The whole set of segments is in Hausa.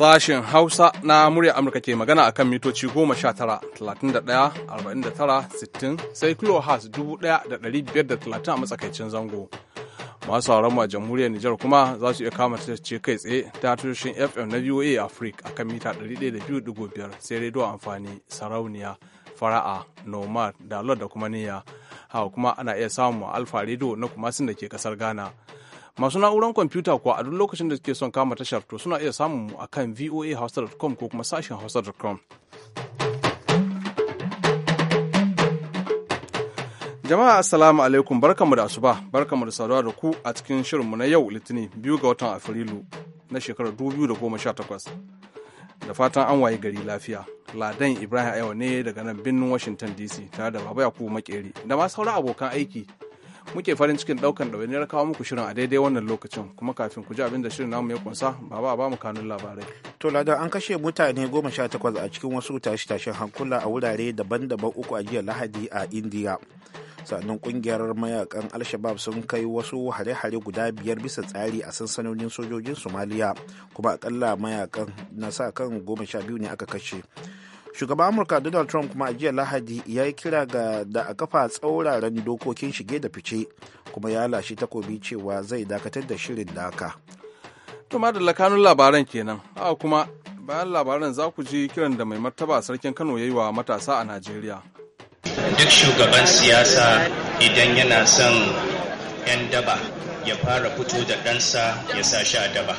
Sashen Hausa na murya Amurka ke magana akan mitoci 19-31-49-60 sai kilohas 1,530 a matsakaicin zango. Masu sauran a jamhuriyar Nijar kuma za su iya kama ce kai tsaye ta tushen FM na VOA Africa akan mita 102.5 sai radio amfani sarauniya fara'a nomad da da kuma niyya. Hawa kuma ana iya samun alfa rediyo na kumasin da ke kasar Ghana. Masu na'urar kwamfuta kuwa a duk lokacin da suke son kama tashar to suna iya samun mu a kan ko kuma sashen hausa.com. Jama'a assalamu alaikum barkanmu da asuba barkanmu da saduwa da ku a cikin shirinmu na yau litinin biyu ga watan Afrilu na shekarar 2018. Da fatan an waye gari lafiya. Ladan Ibrahim Ayo ne daga nan birnin Washington DC tare da Baba Yakubu Makeri da ma sauran abokan aiki muke farin cikin daukan ɗawainiyar kawo muku shirin a daidai wannan lokacin kuma kafin ku ji abin da shirin namu ya kunsa ba ba ba mu kanun labarai. To ladan an kashe mutane goma sha takwas a cikin wasu tashe-tashen hankula a wurare daban-daban uku a jiya Lahadi a Indiya. Sannan kungiyar mayakan Alshabab sun kai wasu hare-hare guda biyar bisa tsari a sansanonin sojojin Somaliya kuma akalla mayakan na sa kan goma sha biyu ne aka kashe. shugaban amurka donald trump kuma a jiya lahadi ya yi kira ga da a kafa tsauraran dokokin shige da fice kuma ya lashe takobi cewa zai dakatar da shirin daka to da kanun labaran kenan a'a kuma bayan labaran za ku ji kiran da mai martaba sarkin kano ya yi wa matasa a najeriya duk shugaban siyasa idan yana son 'yan daba ya fara fito da ɗansa ya sa shi a daba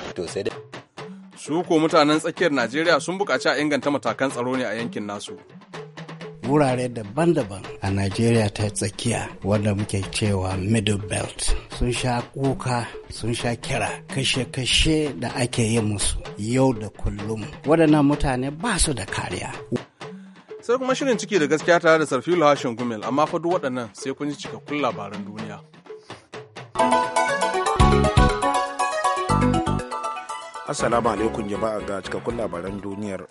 su ko mutanen tsakiyar najeriya sun buƙaci a inganta matakan tsaro ne a yankin nasu wurare daban-daban a najeriya ta tsakiya wanda muke cewa middle belt sun sha kuka sun sha kira kashe-kashe da ake yi musu yau da kullum waɗannan mutane ba su da kariya sai kuma shirin ciki da gaskiya tare da sarfilu hashin gumel amma fa duk waɗannan sai kun ji cikakkun labaran duniya. Assalamu alaikum jama'a ga cikakkun labaran duniyar.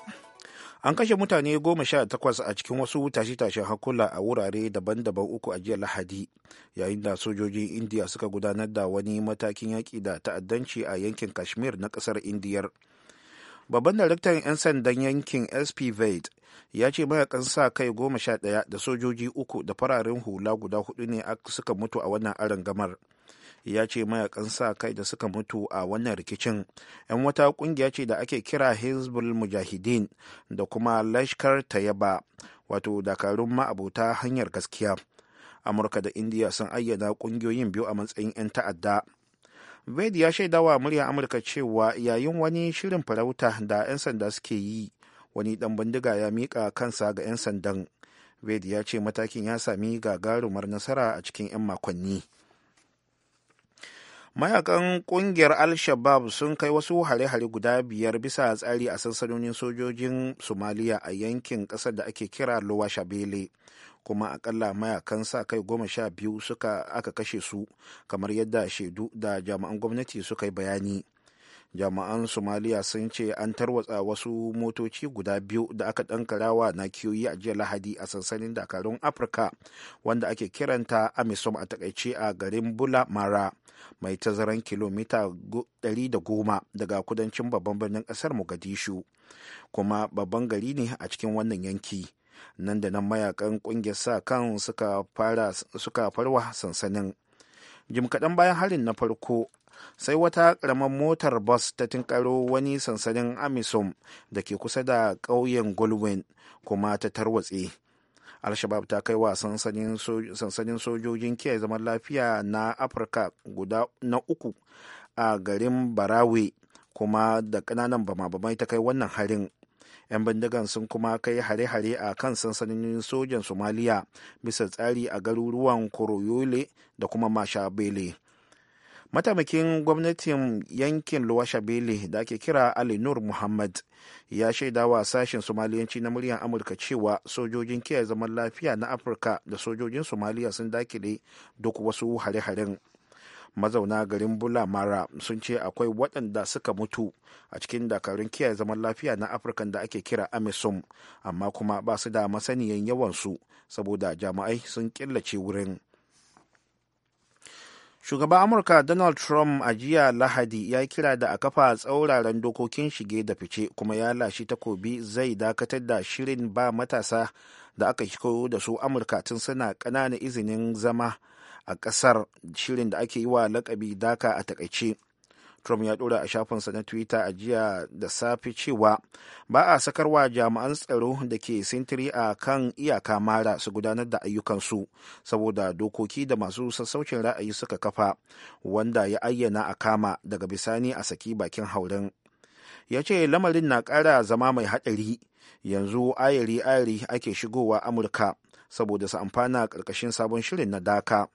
An kashe mutane goma sha takwas a cikin wasu tashe-tashen hakula a wurare daban-daban uku a jiya Lahadi, yayin da sojojin Indiya suka gudanar da wani matakin yaƙi da ta'addanci a yankin Kashmir na ƙasar Indiyar. Babban daraktan 'yan sandan yankin SP Vait ya ce mayakan sa kai goma sha ɗaya da sojoji uku da fararen hula guda hudu ne suka mutu a wannan arangamar. gamar. ya ce mayakan sa kai da suka mutu a wannan rikicin 'yan wata kungiya ce da ake kira hezbollah mujahideen da kuma lashkar tayaba wato dakarun ma'abota hanyar gaskiya amurka da indiya sun ayyana kungiyoyin biyu a matsayin 'yan ta'adda ved ya shaida wa murya amurka cewa yayin wani shirin farauta da 'yan sanda suke yi wani dan bindiga ya mika kansa ga 'yan sandan ved ya ce matakin ya sami gagarumar nasara a cikin 'yan makonni mayakan kungiyar al-shabab sun kai wasu hare-hare guda biyar bisa tsari a sansanonin sojojin somaliya a yankin kasar da ake kira lowa shabele kuma akalla mayakan sa kai goma sha biyu suka aka kashe su kamar yadda shaidu da jami'an gwamnati suka yi bayani jami'an somaliya sun ce an tarwatsa wasu motoci guda biyu da aka ɗankarawa na kiyoyi a jiya lahadi a sansanin dakarun afirka wanda ake kiranta amisom a takaice a garin bula mara mai tazaran kilomita 110 daga kudancin babban birnin kasar mogadishu kuma babban gari ne a cikin wannan yanki nan da nan mayakan kungiyar sa kan suka farwa sansanin jim kaɗan bayan harin na farko sai wata karamar motar bus ta tinkaro wani sansanin amisom da ke kusa da ƙauyen gulwin kuma ta tarwatse alshabab ta kai wa sansanin sojojin kiyaye zaman lafiya na afirka guda na uku a garin barawe kuma da ƙananan bama-bamai ta kai wannan harin 'yan bindigan sun kuma kai hare-hare a kan sansanin sojan somaliya bisa tsari a garuruwan koroyole da kuma mashabele mataimakin gwamnatin yankin luwashabele da ake kira ali nur muhammad ya shaida wa sashen somaliyanci na muryar amurka cewa sojojin kiyaye zaman lafiya na afirka da sojojin somaliya sun dakile duk wasu hare-haren mazauna garin bulamara sun ce akwai waɗanda suka mutu a cikin dakarun kiyaye zaman lafiya na afirka da ake kira amisom amma kuma ba su da masaniyan yawansu saboda jama'ai sun killace wurin shugaban amurka donald trump a jiya lahadi ya kira da a kafa tsauraran dokokin shige da fice kuma ya lashe takobi zai dakatar da shirin ba matasa da aka shigo da su amurka tun suna ƙananan izinin zama a kasar shirin da ake yi wa lakabi daka a takaice Trump ya ɗora a shafinsa na Twitter a jiya da safe cewa ba a sakarwa jami'an tsaro da ke sintiri a kan iyaka mara su gudanar da ayyukansu saboda dokoki da masu sassaucin ra'ayi suka kafa wanda ya ayyana a kama daga bisani a saki bakin hauren. Ya ce lamarin na ƙara zama mai haɗari yanzu ayari-ayari ake shigowa Amurka saboda su amfana ƙarƙashin sabon shirin na daka.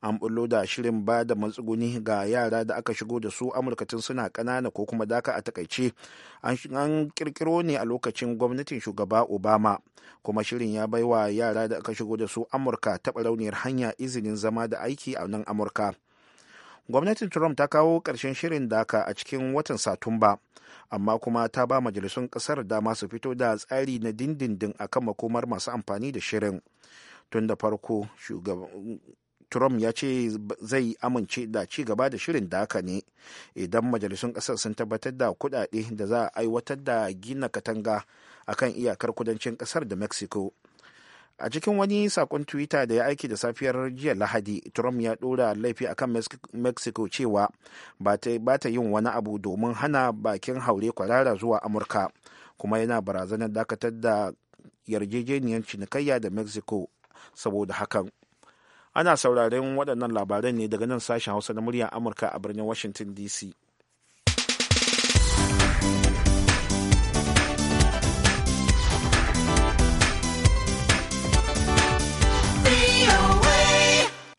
an bullo da shirin ba da matsuguni ga yara da aka shigo da su amurka tun suna kanana ko kuma daka a takaice an kirkiro ne a lokacin gwamnatin shugaba obama kuma shirin ya bai wa yara da aka shigo da su amurka taɓa rauniyar hanya izinin zama da aiki a nan amurka gwamnatin trump ta kawo ƙarshen shirin daka a cikin watan satumba amma kuma ta ba majalisun ƙasar dama su fito da tsari na dindindin akan makomar masu amfani da shirin tun da farko trump ya ce zai amince da ci gaba da shirin da haka ne idan majalisun ƙasar sun tabbatar da kuɗaɗe da za a aiwatar da gina katanga a kan iyakar kudancin ƙasar da mexico a cikin wani sakon twitter da ya aiki da safiyar jiya lahadi trump ya ɗora laifi akan mexico cewa ba ta yin wani abu domin hana bakin haure kwarara zuwa amurka kuma yana barazanar dakatar da yarjejeniyar cinikayya da mexico saboda hakan ana sauraren waɗannan labaran ne daga nan sashen hausa na muryar amurka a birnin washington dc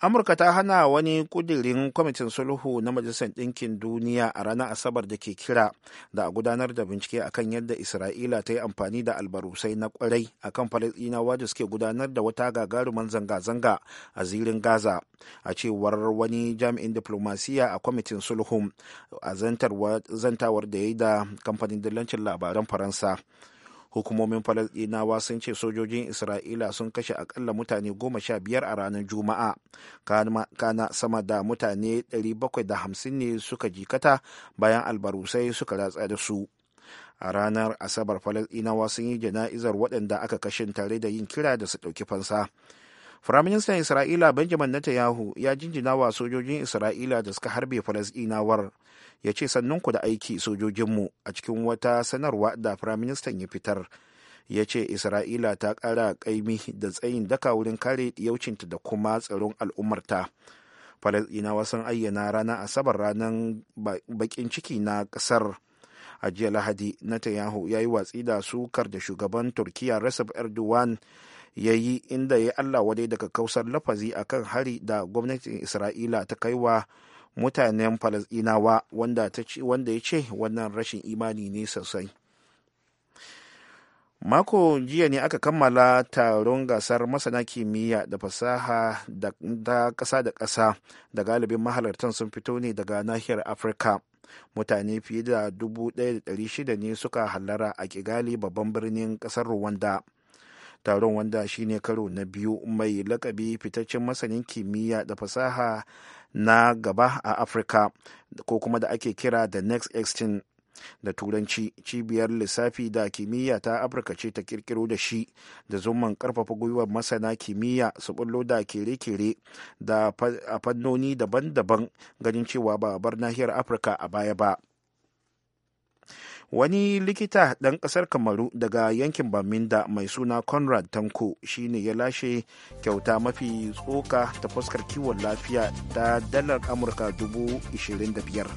amurka ta hana wani kudirin kwamitin sulhu na majalisar ɗinkin duniya a ranar asabar da ke kira da a gudanar da bincike akan yadda isra'ila ta yi amfani da albarusai na kwarai akan falasɗinawa da suke gudanar da wata gagaruman zanga-zanga a zirin gaza a cewar wani jami'in diplomasiya a kwamitin sulhu a zantawar da ya yi da kamfanin dillancin labaran faransa hukumomin falasɗinawa sun ce sojojin isra'ila sun kashe akalla mutane goma sha biyar a ranar juma'a kana sama da mutane 750 ne suka jikata bayan albarusai suka ratsa da su a ranar asabar falasɗinawa sun yi jana'izar waɗanda aka kashe tare da yin kira da su ɗauki fansa firaministan isra'ila benjamin netanyahu ya jinjina wa sojojin isra'ila da suka harbe falasɗinawar ya ce sannunku da aiki sojojinmu a cikin wata sanarwa da firaministan ya fitar ya ce isra'ila ta kara kaimi da tsayin daka wurin kare yaucinta da kuma tsaron al'ummarta falasɗinawa sun ayyana ranar asabar ranar bakin ciki na ƙasar a jiya lahadi netanyahu ya yi watsi da sukar da shugaban turkiya recep erdogan ya yi inda ya allah wadai daga kausar lafazi akan hari da gwamnatin isra'ila ta kaiwa mutanen falasɗinawa wanda ya ce wannan rashin imani ne sosai mako jiya ne aka kammala taron gasar masana kimiyya da fasaha da ƙasa da ƙasa da galibin mahalartan sun fito ne daga nahiyar afirka mutane fiye da 1,600 ne suka hallara a kigali babban birnin ƙasar rwanda taron wanda shine karo na biyu mai lakabi fitaccen masanin kimiyya da fasaha na gaba a afirka ko kuma da ake kira the next extinct da turanci cibiyar lissafi da kimiyya ta afirka ce ta kirkiro da shi da zumman karfafa gwiwar masana kimiyya su bullo da kere-kere da fannoni daban-daban ganin cewa ba bar nahiyar afirka a baya ba wani likita ɗan ƙasar kamaru daga yankin baminda mai suna conrad tanko shine ya lashe kyauta mafi tsoka ta fuskar kiwon lafiya ta dalar amurka 25,000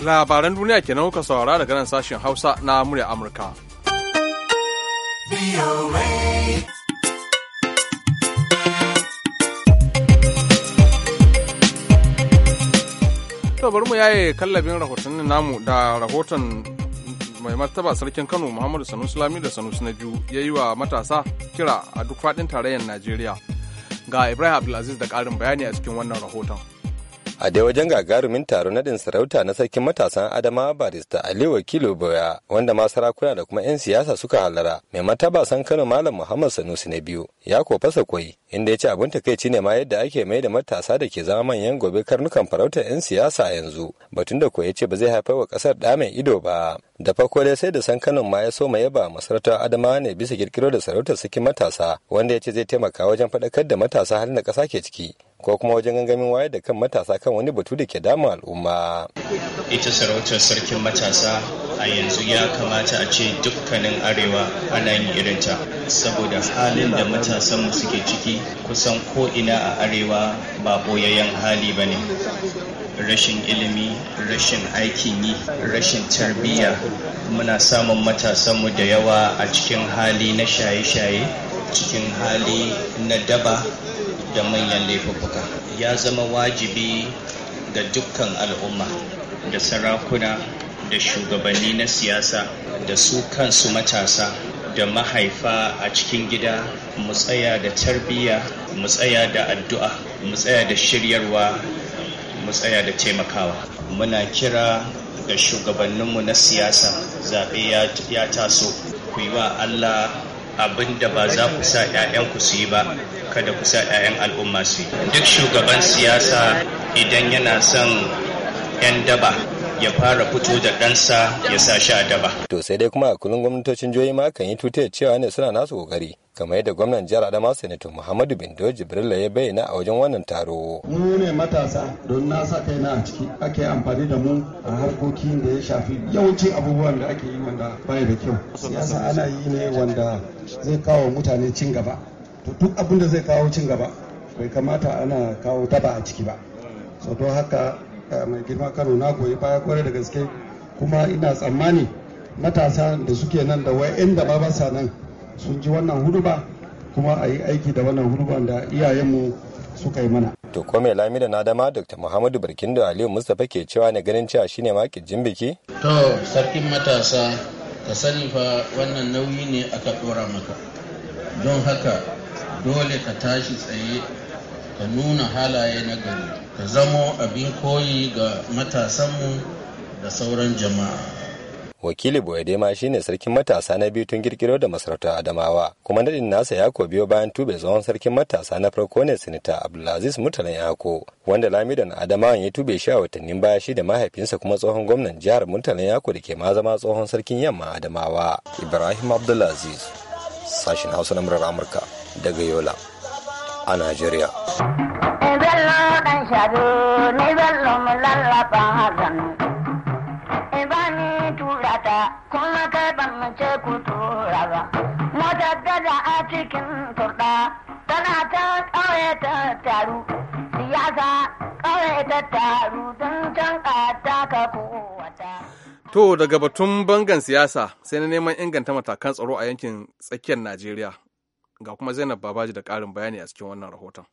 labaran duniya kenan kuka saurara daga nan sashen hausa na murya amurka to bari mu yaye kallabin rahotannin namu da rahoton mai martaba sarkin kano muhammadu sanusi lami da sanusi na biyu ya yi wa matasa kira a duk faɗin tarayyar najeriya ga ibrahim abdulaziz da ƙarin bayani a cikin wannan rahoton a dai wajen gagarumin taron nadin sarauta na sarkin matasan adama barista ali wakilu boya wanda ma sarakuna da kuma 'yan siyasa suka halara mai mataba san kano malam muhammad sanusi na biyu ya ko fasa koyi inda ya ce abin takaici ne ma yadda ake mai da matasa da ke zama manyan gobe karnukan farautar 'yan siyasa yanzu batun da ko ya ce ba zai haifar wa kasar da mai ido ba da farko dai sai da san kano ma ya so ma yaba masarautar adama ne bisa kirkiro da sarautar sarkin matasa wanda ya ce zai taimaka wajen faɗakar da matasa halin da ƙasa ke ciki ko kuma wajen gangamin wayar da kan matasa kan wani batu da ke dama al'umma. Ita sarautar sarkin matasa a yanzu ya kamata a ce dukkanin arewa ana yin irinta saboda halin da matasan mu suke ciki kusan ko ina a arewa ba boyayyen hali ba ne. Rashin ilimi, rashin aikin yi, rashin tarbiyya muna samun matasan mu da yawa a cikin hali na shaye-shaye, cikin hali na daba da manyan laifuffuka ya zama wajibi ga dukkan al'umma da sarakuna da shugabanni na siyasa da su kansu matasa da mahaifa a cikin gida mu tsaya da tarbiyya mu tsaya da addu'a mu tsaya da shiryarwa mu tsaya da taimakawa muna kira ga shugabanninmu na siyasa zaɓe ya taso ku yi wa allah abinda ba za ku sa 'ya'yanku su yi ba kada ku sa 'ya'yan al'umma su duk shugaban siyasa idan yana son 'yan daba ya fara fito da ɗansa ya sa shi a daba. To sai dai kuma a kullum gwamnatocin jihohi ma kan yi tutar cewa ne suna nasu kokari kamar yadda gwamnan jihar Adama Sanato Muhammadu Bindo Jibrila ya bayyana a wajen wannan taro. Mu ne matasa don na sa kaina a ciki ake amfani da mu a harkokin da ya shafi yawancin abubuwan da ake yi wanda baya da kyau. Siyasa ana yi ne wanda zai kawo mutane cin gaba. duk abin da zai kawo cin gaba bai kamata ana kawo taba a ciki ba so don haka eh, mai girma kano na goyi baya kwarai da gaske kuma ina tsammani matasa da suke nan da wa'yan da ba sa nan sun ji wannan huduba kuma a yi aiki da wannan huduba da iyayenmu suka yi mana to ko mai lami da nadama dr muhammadu barkindo aliyu mustapha ke cewa ne ganin cewa shine ma kijin biki to sarkin matasa ka sani fa wannan nauyi ne aka dora maka don haka dole ka tashi tsaye ka nuna halaye na gari ka zamo abin koyi ga matasanmu da sauran jama'a wakili boyadema shine sarkin matasa na biyu tun kirkiro da masarautar adamawa kuma nadin nasa ya biyo bayan tube tsohon sarkin matasa na farko ne sinita abdulaziz mutalan yako wanda lamidan adamawan ya tube shi a watannin baya shi da mahaifinsa kuma tsohon gwamnan jihar mutalan yako da ke ma zama tsohon sarkin yamma adamawa ibrahim abdulaziz sashin hausa na murar amurka daga Yola a Najeriya. Eh, eh, kuma kai ban mace ku tura ba. Motar a cikin turɗa tana ta ƙauye ta taru, siyasa ƙauye ta taru don can ka kowata. To daga batun bangan siyasa sai na neman inganta matakan tsaro a yankin tsakiyar Najeriya ga kuma zainab babaji da ƙarin bayani a cikin wannan rahoton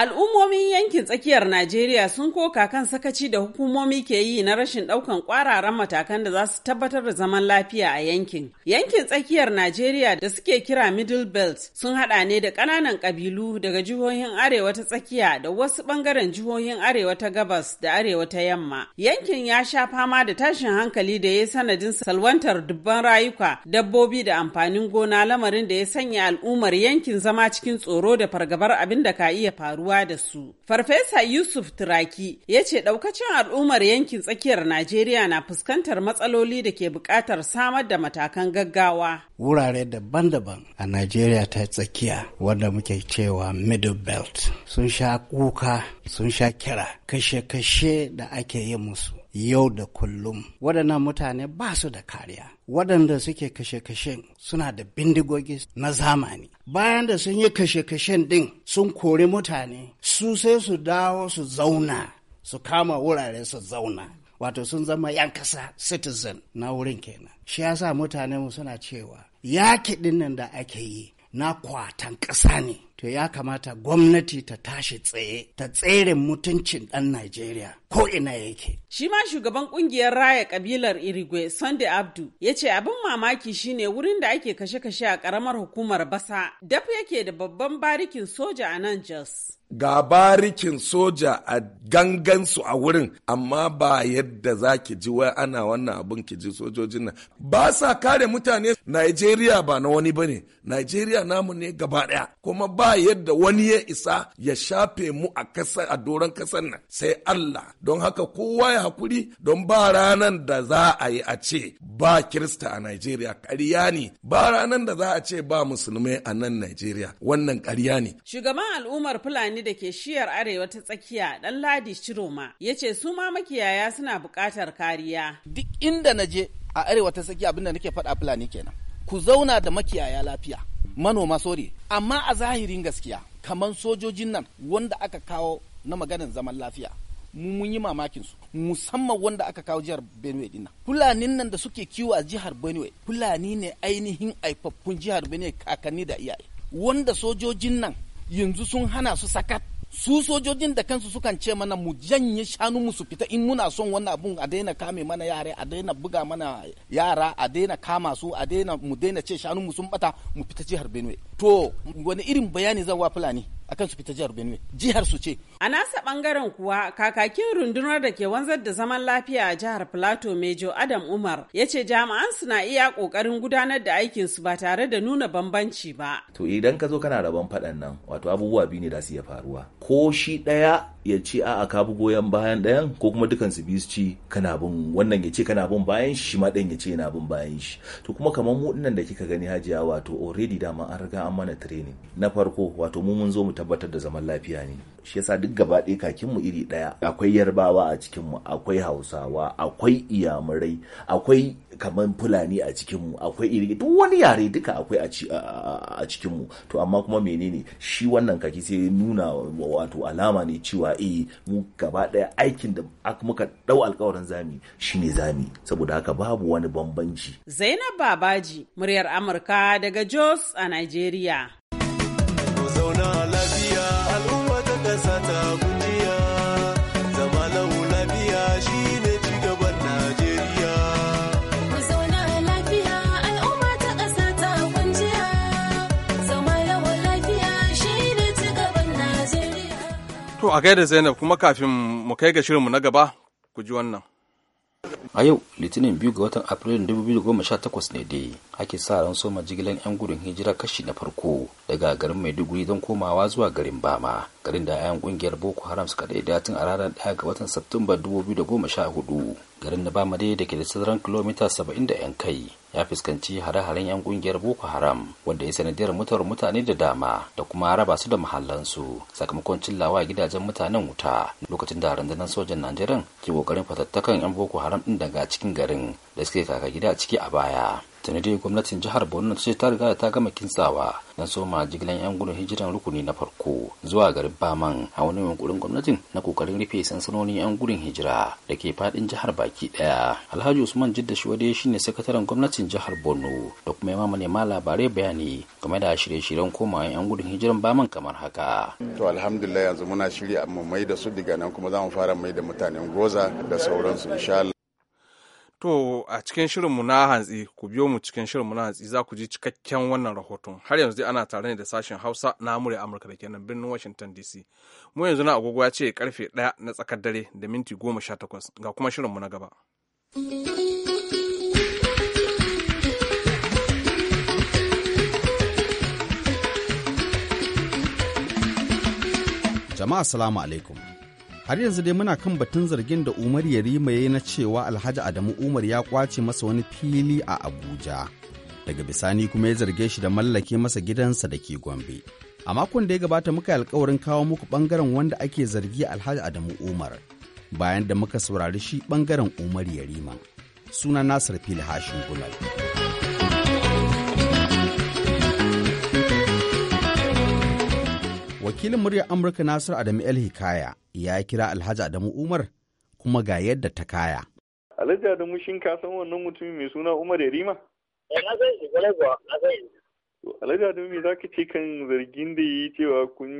Al'ummomin yankin tsakiyar Najeriya sun koka kan sakaci da hukumomi ke yi na rashin ɗaukan kwararan matakan da za su tabbatar da zaman lafiya a yankin. Yankin tsakiyar Najeriya da suke kira Middle Belt sun haɗa ne da ƙananan ƙabilu daga jihohin Arewa ta tsakiya da wasu bangaren jihohin Arewa ta gabas da Arewa ta yamma. Yankin ya sha fama da tashin hankali da ya sanadin salwantar dubban rayuka, dabbobi da amfanin gona lamarin da ya sanya al'ummar yankin zama cikin tsoro da fargabar abin da ka iya faruwa. rayuwa da su. Farfesa Yusuf Turaki ya ce ɗaukacin al'ummar yankin tsakiyar Najeriya na fuskantar matsaloli da ke buƙatar samar da matakan gaggawa. Wurare daban-daban a Najeriya ta tsakiya wanda muke cewa Middle Belt sun sha kuka sun sha kira kashe-kashe da ake yi musu. yau da kullum waɗannan mutane ba su da kariya waɗanda suke kashe kashe suna da bindigogi na zamani bayan da sun yi kashe-kashen ɗin sun kori mutane su sai su dawo su zauna su kama wurare su zauna wato sun zama 'yan ƙasa citizen na wurin kenan shi yasa mutane mu suna cewa yaƙi ɗin nan da ake yi na kwatan ƙasa ne to ya kamata gwamnati ta tashi tsaye ta tsere mutuncin ɗan Najeriya ko ina yake. Shi ma shugaban kungiyar raya kabilar Irigwe Sunday Abdu ya ce abin mamaki shine wurin da ake kashe-kashe a karamar hukumar basa daf yake da babban barikin soja a nan Jos. Ga barikin soja a gangan su a wurin amma ba yadda za ki ji wai ana wannan abin ki ji sojojin nan ba sa kare mutane Najeriya ba na wani bane Najeriya namu ne gaba ɗaya kuma ba ba yadda wani ya isa ya shafe mu a kasa a doron kasar nan sai Allah don haka kowa ya hakuri don ba ranan da za a yi a ce ba Kirista a Najeriya ƙarya ne ba ranan da za a ce ba musulmai a nan Najeriya wannan ƙarya ne. Shugaban al'ummar Fulani da ke shiyar arewa ta tsakiya ɗan Ladi Shiroma ya ce su ma makiyaya suna buƙatar kariya. Duk inda na je a arewa ta tsakiya abinda nake faɗa Fulani kenan. Ku zauna da makiyaya lafiya. manoma sori amma a zahirin gaskiya kamar sojojin nan wanda aka kawo na maganin zaman lafiya mun yi mamakin su musamman wanda aka kawo jihar Benue din nan fulanin nan da suke kiwo a jihar Benue fulani ne ainihin aifaffun jihar Benue kakanni da iyaye wanda sojojin nan yanzu sun hana su sakat su sojojin da kansu sukan ce mana mu janye shanu mu su fita in muna son wannan abun a daina kame mana yare a daina buga mana yara a daina kama su a daina mu daina ce shanu mu sun bata mu fita jihar Benue to wani irin bayani zan wa fulani akan su fita jihar Benue jihar su ce a nasa ɓangaren kuwa kakakin rundunar da ke wanzar da zaman lafiya a jihar Plateau Mejo Adam Umar ya ce jami'an suna iya kokarin gudanar da aikin su ba tare da nuna bambanci ba to idan ka zo kana rabon faɗan nan wato abubuwa biyu ne da su iya faruwa ko shi ɗaya ya ci a ka kabu goyon bayan ɗayan ko kuma dukan su biyu ci kana bin wannan ya ce kana bin bayan shi ma ɗayan ya ce yana bin bayan shi to kuma kamar mu dinnan da kika gani hajiya wato already dama an riga an mana training na farko wato mu mun zo mu tabbatar da zaman lafiya ne shi yasa duk gaba ɗaya kakin mu iri ɗaya akwai yarbawa a cikin mu akwai hausawa akwai iyamurai akwai kamar fulani a cikinmu akwai iri duk wani yare duka akwai a cikinmu to amma kuma menene shi wannan kaki sai nuna wato alama ne cewa eh mu gaba daya aikin da muka dau alkawarin zami shine zami saboda haka babu wani bambanci Zainab Babaji muryar Amurka daga Jos a Nigeria a a da Zainab kuma kafin mu kai ga shirinmu na gaba ku ji wannan. A yau Litinin biyu ga watan Afrilun 2018 ne dai ake sa ran soma jigilan 'yan gudun hijira kashi na farko daga garin maiduguri don komawa zuwa garin bama garin da 'yan kungiyar boko haram suka da tun a ranar 1 ga watan satumba 2014 garin na bama dai da ke da sauran kilomita 70 da 'yan kai ya fuskanci hare-haren 'yan kungiyar boko haram wanda ya sanadiyar mutuwar mutane da dama da kuma raba su da mahallansu sakamakon cillawa gidajen mutanen wuta lokacin da rundunar sojan najeriya ke kokarin fatattakan 'yan boko haram din daga cikin garin da suke kaka gida ciki a baya dai gwamnatin jihar borno ta ce ta riga ta gama kintsawa na soma jigilan yan gudun hijiran rukuni na farko zuwa garin baman a wani yunkurin gwamnatin na kokarin rufe sansanonin yan gudun hijira da ke fadin jihar baki daya alhaji usman jidda shi shine sakataren gwamnatin jihar borno da kuma yamma manema labarai bayani game da shirye-shiryen komawa yan gudun hijiran baman kamar haka to alhamdulillah yanzu muna shirya mu mai da su diga nan kuma za mu fara mai da mutanen goza da sauransu insha To a cikin shirinmu na hantsi ku biyo mu cikin shirinmu na hantsi za ku ji cikakken wannan rahoton har yanzu dai ana tare ne da sashen Hausa na murya Amurka da kenan birnin Washington DC. Mu yanzu na agogo ya ce karfe ɗaya na tsakar dare da minti goma sha takwas ga kuma shirinmu na gaba. Jama'a salamu alaikum. har yanzu dai muna kan batun zargin da umar yarima ya yi na cewa alhaji adamu umar ya kwace masa wani fili a abuja daga bisani kuma ya zarge shi da mallake masa gidansa da ke gombe a makon da ya gabata muka yi alkawarin kawo muku bangaren wanda ake zargi alhaji adamu umar bayan da muka saurari shi bangaren umar yarima suna nasir fili hashin gumal. wakilin muryar amurka nasir adamu el hikaya ya kira alhaji adamu umar kuma ga yadda ta kaya alhaji adamu shin ka san wannan mutumin mai suna umar yarima eh, na zai shi na zai alhaji adamu me za ka ce kan zargin da yi cewa kun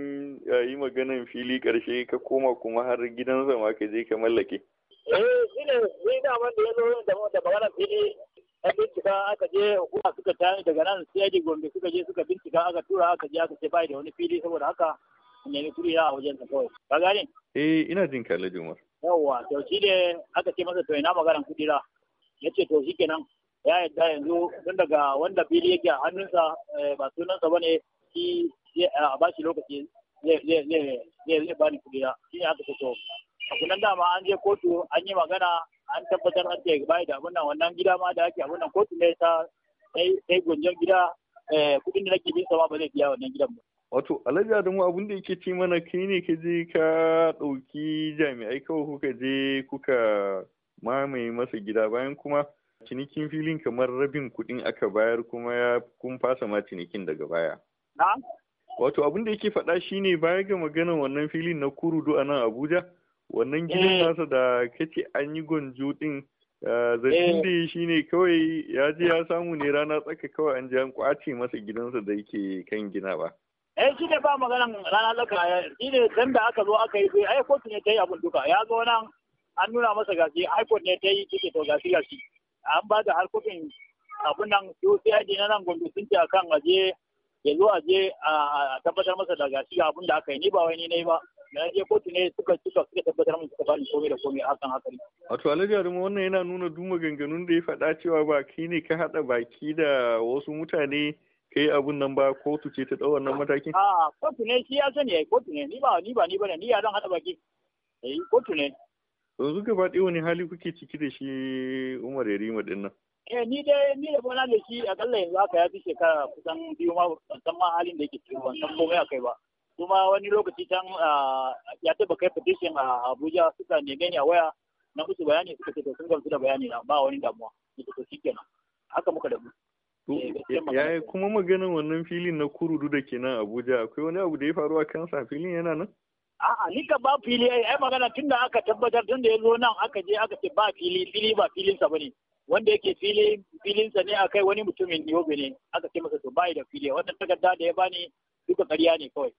yi maganan fili karshe ka koma kuma har gidan zama ka je ka mallake eh shi ne ni da wanda ya zo da magana fili na bincika aka je hukuma suka tani daga nan sai ji gombe suka je suka bincika aka tura aka je aka ce bai da wani fili saboda haka nemi kuri a wajen sa kawai ka gane eh ina jin kalle jumar yawa to shi ne aka ce masa to ina magana kudi ra yace to shikenan ya yadda yanzu tun daga wanda fili yake a hannunsa ba sunansa bane shi a bashi lokaci zai bani kudi ra shi ne aka ce to a kunan dama an je kotu an yi magana an tabbatar an ce bai da abunan wannan gida ma da ake abunan nan kotu ne ta sai gunjan gida eh, kuɗin da nake bin sama ba zai biya wannan gidan ba. Wato Alhaji Adamu abin da yake ci mana kai ne ka je ka ɗauki jami'ai kawai kuka je kuka mamaye masa gida bayan kuma cinikin filin kamar rabin kuɗin aka bayar kuma ya kun fasa ma cinikin daga baya. Wato abin da yake faɗa shine baya ga magana wannan filin na kurudu a nan Abuja. wannan gidan eh. nasa da kace an yi gwanjo din eh, zargin eh. da shi ne kawai ya je ya samu ne rana tsaka kawai an je an kwace masa gidansa da yake kan gina ba eh shi ne ba maganan rana tsaka shi ne dan da aka zo aka yi sai ai kotu ne ta yi abin duka ya zo nan an nuna masa gashi ai kotu ne ta yi kike to gashi gashi an ba da harkokin abun nan su sai na nan gombe sun ce akan aje ya zo aje a tabbatar masa da gashi abun da aka yi ni ba wai ni ne ba da je kotu ne suka suka suka tabbatar mun suka bani komai da komai hakan hakan wato alhaji adamu wannan yana nuna duma ganganun da ya faɗa cewa ba ki ne ka haɗa baki da wasu mutane kai abun nan ba kotu ce ta ɗau wannan matakin a kotu ne shi ya sani ai kotu ne ni ba ni ba ni bane ni ya dan haɗa baki eh kotu ne yanzu gaba ɗaya wani hali kuke ciki da shi Umar rima din nan eh ni dai ni da bona da shi akalla yanzu haka ya fi shekara kusan biyu ma ban san ma halin da yake ciki ban san komai akai ba kuma wani lokaci can ya taba kai petition a Abuja suka neme ni a waya na musu bayani suka ce to sun gamsu da bayani na ba wani damuwa ni to nan haka muka dabu eh, ya yi kuma maganin wannan filin na kurudu da ke nan Abuja akwai wani abu da ya faru a kansa filin yana nan A'a ni ka ba fili ai ai magana tunda aka tabbatar tunda ya zo nan aka je aka ce ba fili fili ba filinsa bane wanda yake fili filinsa ne akai wani mutumin yobe ne aka ce masa to bai da fili wannan takarda da ya bani duka ƙarya ne kawai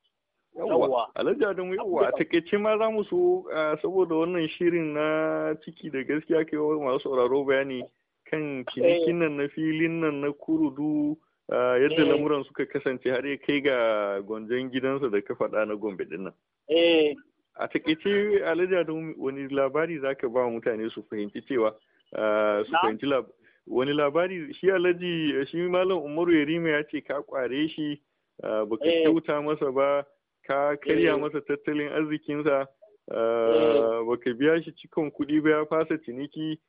yawwa alhaji adamu yawwa a takaice ma za mu so saboda wannan shirin na ciki da gaskiya kai wa masu sauraro bayani kan cinikin nan na filin nan na kurudu yadda eh. lamuran suka kasance har ya kai ga gwanjon gidansa da ka faɗa na gombe din nan eh. a takaice alhaji adamu wani labari za ka ba mutane su fahimci cewa su fahimci wani labari shi alhaji shi malam umaru yarima ya ce ka kware shi baka eh. kyauta masa ba ka karya eh. masa tattalin arzikinsa eh. Eh, baka biya shi cikin kuɗi ba ya fasa ciniki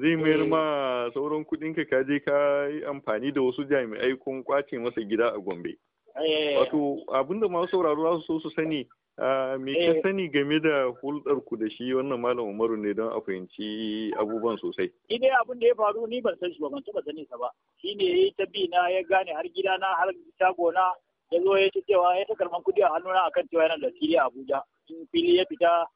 zai mayar ma sauran kuɗinka ka je ka yi amfani da wasu jami'ai kun kwace masa gida a gombe wato abinda masu sauraro za su so su sani ah, me ka sani game da hulɗar ku da shi wannan malam umaru ne don a fahimci abubuwan sosai idai abin da ya faru ni ban san shi ba ban taɓa sanin sa ba shine yi ta bi na ya gane har gida na har shago na ya zo ya ce cewa ya ta karban kuɗi a hannuna akan cewa yana da fili a Abuja in fili ya fita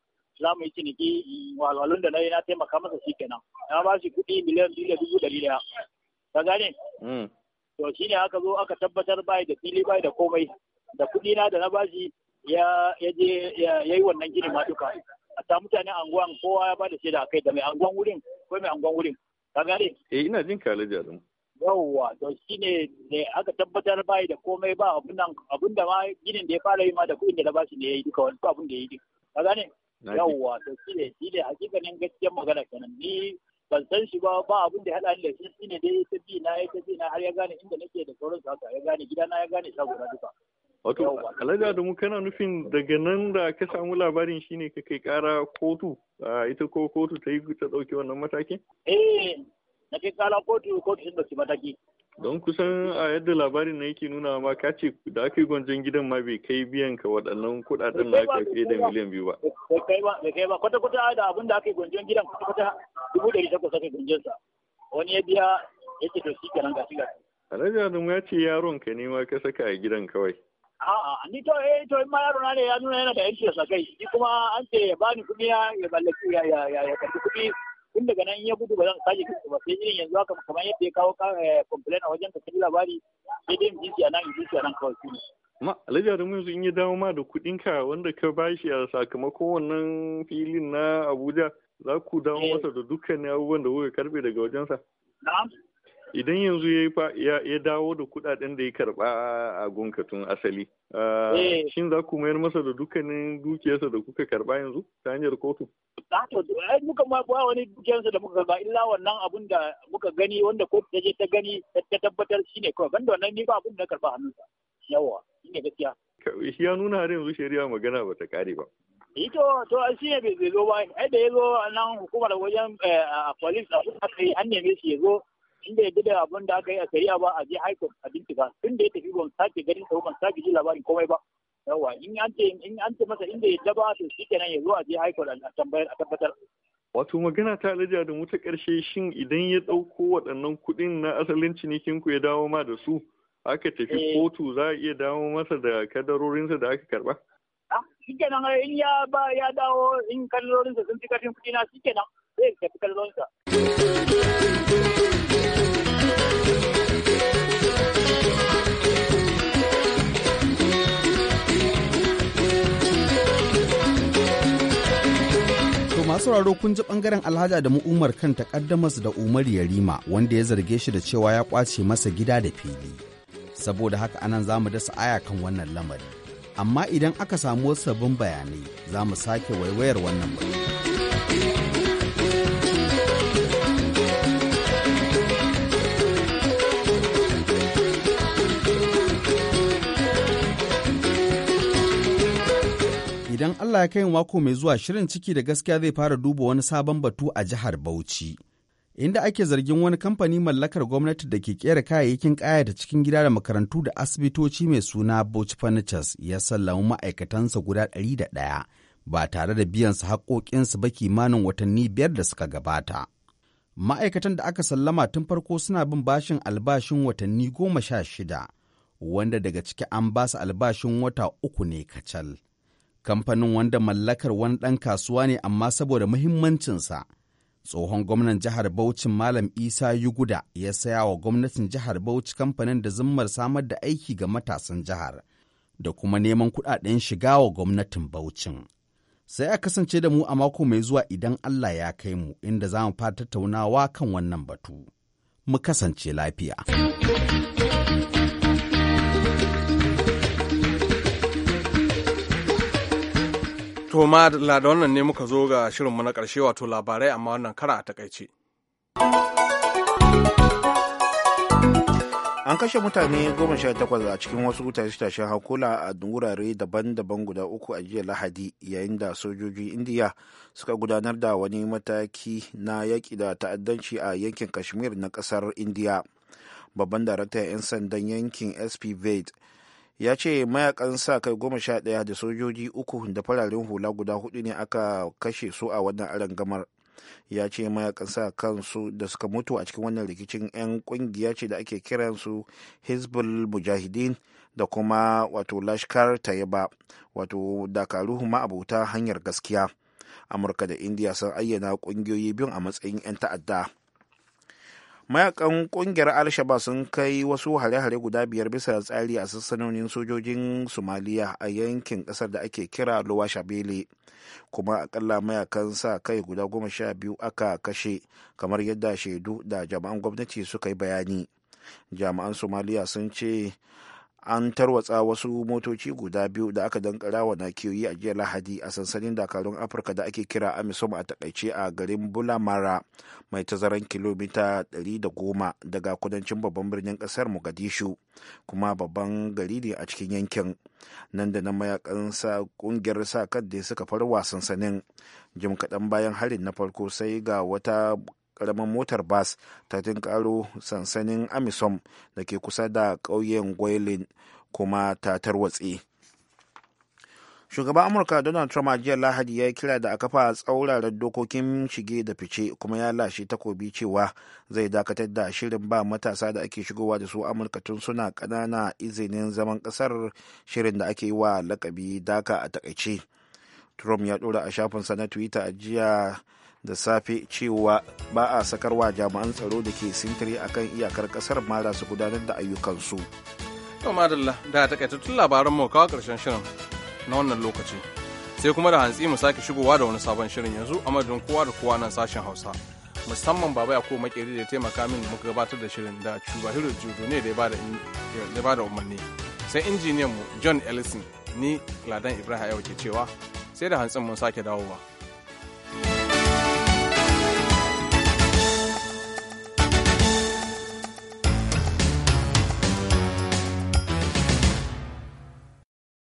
za mu yi ciniki walwalun da na yi na taimaka masa shi kenan na ba shi kuɗi miliyan biyu da dubu dari daya ka gane mm. to shi ne aka zo aka tabbatar bai da fili bai da komai da kuɗi na da na ba shi ya je ya yi wannan gini ma duka a ta mutane anguwan kowa ya ba da shaida a kai da mai anguwan wurin ko mai anguwan wurin ka gane eh ina jin kalaji a yawwa to shine ne aka tabbatar bai da komai ba abun nan abun da ma ginin da ya fara yi ma da kuɗin da na bashi ne yi duka wani abun da ya yi duka ka gane yawwa to shine ne hakikanin gaskiyar magana kenan ni ban san shi ba ba abun da ya haɗa ni da shi shi ne dai ta bi na ya ta bi na har ya gane inda nake da su haka ya gane gida na ya gane shagona duka Wato, Alhaji da mu kana nufin daga nan da ka samu labarin shine ka kai kara kotu, ita ko kotu ta yi ta ɗauki wannan matakin? Eh, na kai kala kotu kotu sun dauki mataki don kusan a yadda labarin na yake nuna ma ka ce da aka yi gwanjon gidan ma bai kai biyan ka waɗannan kuɗaɗen da aka fiye da miliyan biyu ba. Bai kai ba, kwata kwata da abin da aka yi gwanjon gidan kwata kwata dubu ɗari takwas aka yi gwanjon sa. Wani ya biya ya ce to shi kenan gashi gashi. Alhaji Adamu ya ce yaron ka ne ma ka saka a gidan kawai. A'a ni to eh to in ma yaro na ne ya nuna yana da yanci ya kai ni kuma an ce ya bani kuɗi ya mallaki ya karɓi kuɗi tun daga nan ya gudu ba zan sake kisu ba sai irin yanzu haka kamar yadda ya kawo eh, complain a wajen ka kaji labari sai dai injisi a nan injisi a nan kawai su ma alhaji da yanzu in ya dawo ma da ka wanda ka bashi a sakamakon wannan filin na abuja za ku dawo eh. masa da dukkanin abubuwan da kuka karbe daga wajensa na'am idan yanzu ya dawo da kudaden da ya karba a gunkatun asali ah, eh. shin za ku mayar masa da dukkanin dukiyarsa da kuka karba yanzu ta hanyar kotu ai muka ma ba wani dukiyarsa da muka karba illa wannan abun da muka gani wanda kotu ta je ta gani ta tabbatar shine kawai banda wannan ni ba abun da karba hannunsa yawa shine gaskiya shi ya nuna har yanzu shari'a magana ba ta kare ba ito eh, to shi ne bai zo ba ai da ya zo nan hukumar wajen eh, a police a kai an neme shi ya zo in da yadda da abin da aka yi a shari'a ba a je haikon a bincika tun da ya tafi ban sake ganin sa ban sake ji labarin komai ba yawa in an ce in an ce masa inda yadda ba to shikenan ya zo a je haikon a tambayar a tabbatar wato magana ta alaja da mu ta karshe shin idan ya dauko waɗannan kuɗin na asalin cinikin ku ya dawo ma da su aka tafi eh. kotu za a iya dawo masa da kadarorinsa da aka karba ah, shikenan eh, in ya ba ya dawo in kadarorinsa sun fi karfin kuɗi na shikenan zai tafi kadarorinsa sauraro kun ji bangaren alhaja da umar kan takaddamas da umar yarima wanda ya zarge shi da cewa ya kwace masa gida da fili saboda haka anan zamu mu dasa aya kan wannan lamari amma idan aka samu sabbin bayanai za mu sake waiwayar wannan batu. idan Allah ya kai mako mai zuwa shirin ciki da gaskiya zai fara duba wani sabon batu a jihar Bauchi. Inda ake zargin wani kamfani mallakar gwamnati da ke kera kayayyakin ƙayata cikin gida da makarantu da asibitoci mai suna Bauchi Furnitures ya sallama ma'aikatansa guda ɗari da ɗaya ba tare da biyan su haƙoƙinsu ba kimanin watanni biyar da suka gabata. Ma'aikatan da aka sallama tun farko suna bin bashin albashin watanni goma sha shida, wanda daga ciki an ba su albashin wata uku ne kacal. Kamfanin wanda mallakar wani ɗan kasuwa ne amma saboda muhimmancinsa. Tsohon gwamnan jihar Bauchi Malam Isa Yuguda ya saya wa gwamnatin jihar Bauchi kamfanin da zimmar samar da aiki ga matasan jihar da kuma neman kuɗaɗen shiga wa gwamnatin Bauchin. sai a kasance da mu a mako mai zuwa idan Allah ya kai mu inda za mu fara tattaunawa kan wannan batu. Mu kasance lafiya. To ma da wannan ne muka zo ga shirinmu na ƙarshe wato labarai amma wannan kara a takaice. An kashe mutane goma sha takwas a cikin wasu tashe-tashen hakula a wurare daban-daban guda uku a jiya Lahadi yayin da sojojin Indiya suka gudanar da wani mataki na yaƙi da ta'addanci a yankin Kashmir na ƙasar Indiya. Babban daraktan 'yan sandan yankin SP ya ce mayakan sa kai goma sha ɗaya da sojoji uku da fararen hula guda hudu ne aka kashe su a wannan arangamar ya ce mayakan sa kansu da suka mutu a cikin wannan rikicin 'yan kungiya ce da ake kiran su hezbollah mujahideen da kuma wato lashkar tayyiba wato dakaru abuta hanyar gaskiya amurka da indiya sun ayyana kungiyoyi biyun a matsayin 'yan ta'adda mayakan kungiyar al sun kai wasu hare-hare guda biyar bisa tsari a sassanonin sojojin somaliya a yankin kasar da ake kira lowa shabele kuma akalla mayakan sa kai guda goma sha biyu aka kashe kamar yadda shaidu da jama'an gwamnati suka yi bayani jami'an somaliya sun ce an tarwatsa wasu motoci guda biyu da aka dankara wa nakiyoyi a jiya lahadi a sansanin dakarun afirka da ake kira amisom a takaice a garin bulamara mai tazaran kilomita 110 daga kudancin babban birnin kasar mogadishu kuma babban gari ne a cikin yankin nan da nan mayakan sa kungiyar sa kan da suka farwa sansanin jim kaɗan bayan harin na farko sai ga wata karamin motar bas ta tinkaro sansanin amisom da ke kusa da ƙauyen gwailin kuma ta tarwatse shugaban amurka donald trump a jiya lahadi ya yi kira da a kafa tsauraran dokokin shige da fice kuma ya lashe takobi cewa zai dakatar da shirin ba matasa da ake shigowa da su amurka tun suna ƙanana izinin zaman ƙasar shirin da ake yi wa lakabi daka a takaice trump ya ɗora a shafinsa na twitter a jiya da safe cewa ba a sakarwa jami'an tsaro da ke sintiri kan iyakar kasar mara su gudanar da ayyukansu. Yau madalla da tun labaran mu kawo karshen shirin na wannan lokaci. Sai kuma da hantsi mu sake shigowa da wani sabon shirin yanzu a madadin kowa da kowa nan sashen Hausa. Musamman baba Yakubu Makeri da ya taimaka min muka gabatar da shirin da Cuba Hiro ne da ya da umarni. Sai injiniyan mu John Ellison ni Ladan Ibrahim ya ke cewa sai da hantsin mu sake dawowa.